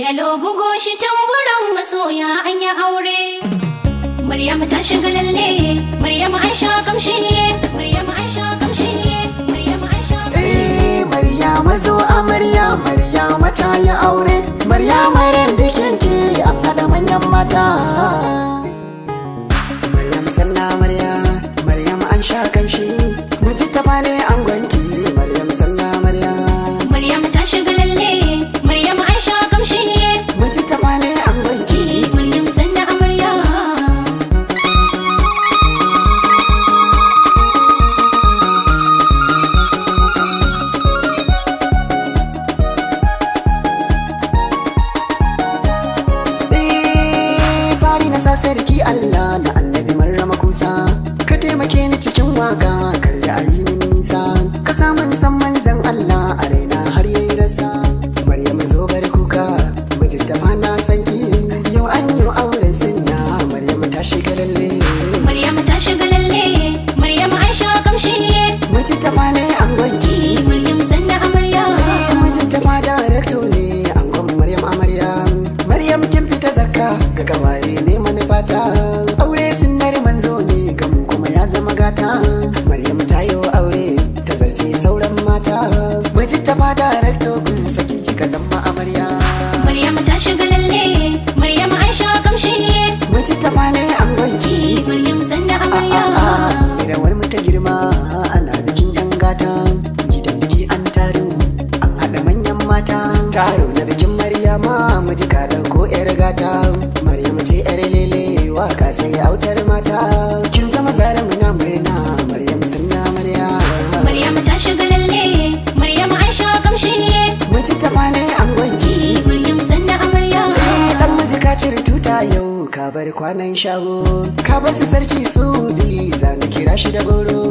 Yalo bugo shi tamburan masoya an yi aure. Maryam ta shiga lalle, Maryam an sha kamshi, Maryam an sha kamshi, Maryam an sha kamshi. Eh, Maryam zo a Maryam ta yi aure, Maryam ran bikin ki an haɗa manyan mata. taro na bikin maryama mu ji ka dauko yar gata Maryam ce yar lele waka sai autar mata kin zama zara muna murna Maryam sunna marya Maryam ta shiga lalle maryam an sha kamshi mace ta fane an gwanki eh, Maryam sunna amarya eh dan miji ka cire tuta yau ka bar kwanan shago ka bar su sarki su bi zan kira shi da goro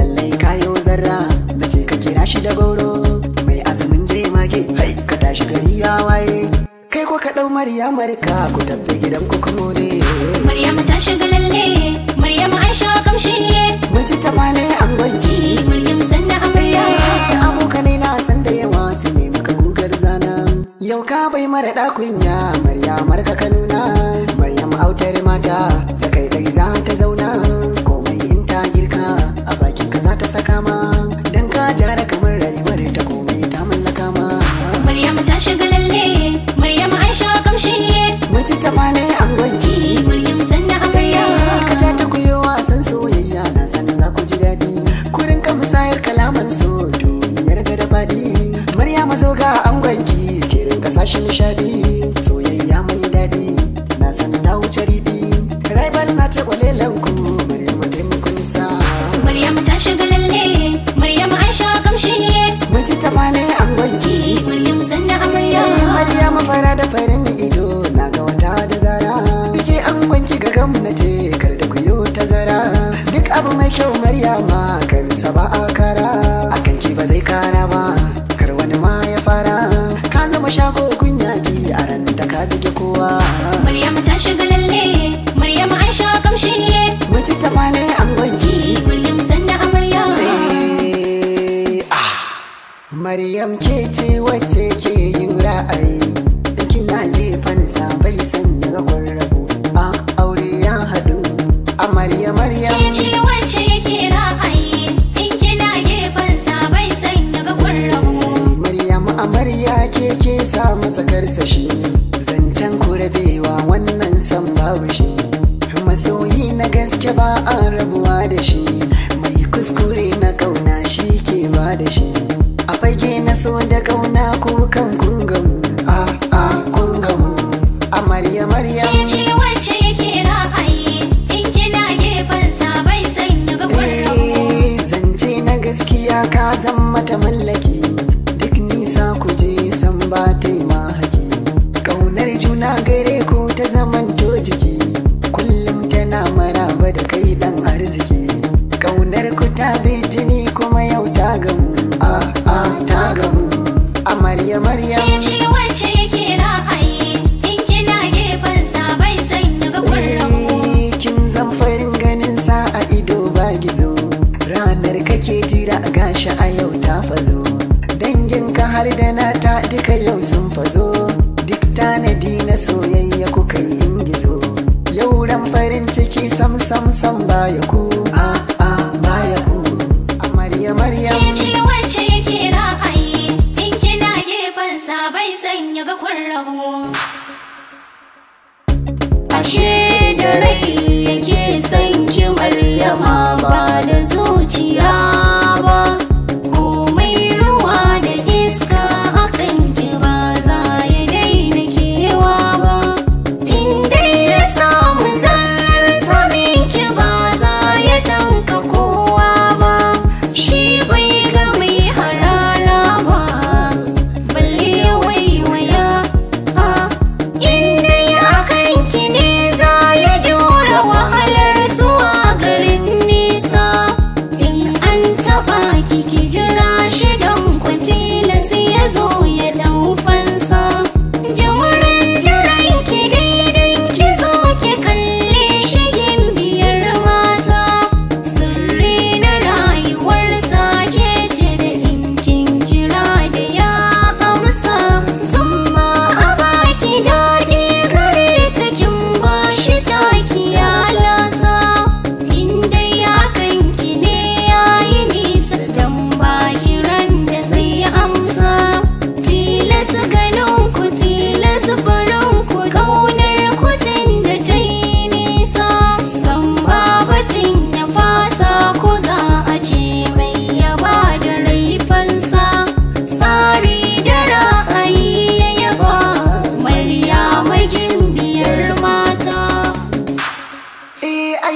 lalle kayo zarra mace ka kira shi da goro mai azumin je ke hai tashi gari ya waye kai ko ka dau Mariya marka? ku tafi gidan ku kuma ne maryama ta shiga lalle maryama an sha kamshi mace ta fane an gwanki maryam zanna eh, abuka ne na san da yawa su ne maka gugar zana yau ka bai mara kunya. Mariya marka ka kanuna maryam autar mata da kai dai za ta zauna komai in ta girka a bakin ka za ta saka ma ta ma ne an gwanki ka ja ta kuyo wasan soyayya na sanin za ku ji daɗi Ku ka musayar kalaman so duniyar ga da faɗi maryama zo ga an gwanki ke rinka sashi nishaɗi soyayya mai daɗi na san ta wuce riɗi rival na ce kwalelan ku maryama taimako nisa maryama ta shiga lalle maryama an sha kamshi mace ta ma ne an gwanki maryama zanna amarya maryama fara da farin karya ma kan saba a kara akan ki ba zai kara ba kar wani ma ya fara ka zama shago babu shi masoyi na gaske ba a rabuwa da shi mai kuskure na kauna shi ke ba da shi a fage na so da kauna kukan kungamu a a kungamu a marya-marya. maryam ce wacce yake ra'ayi in kina gefen sa bai sanya ga kullum eh, zance na gaskiya ka zan mata mallaki duk nisa ku je san ba ta yi mahaki kaunar juna gare ku ta zama har da nata duka yau sun fazo duk tanadi na soyayya kuka yi gizo yau ran farin ciki sam sam sam baya ku a a baya ku a ke ce wacce yake ra'ayi in kina gefen sa bai sanya ga kun rabu ashe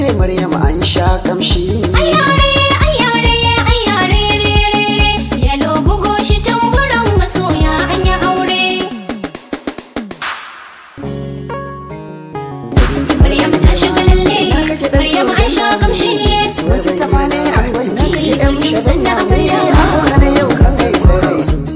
ce maryam an sha kamshi Maryam an sha kamshi Wata ta kwana a na yau zan sai sauransu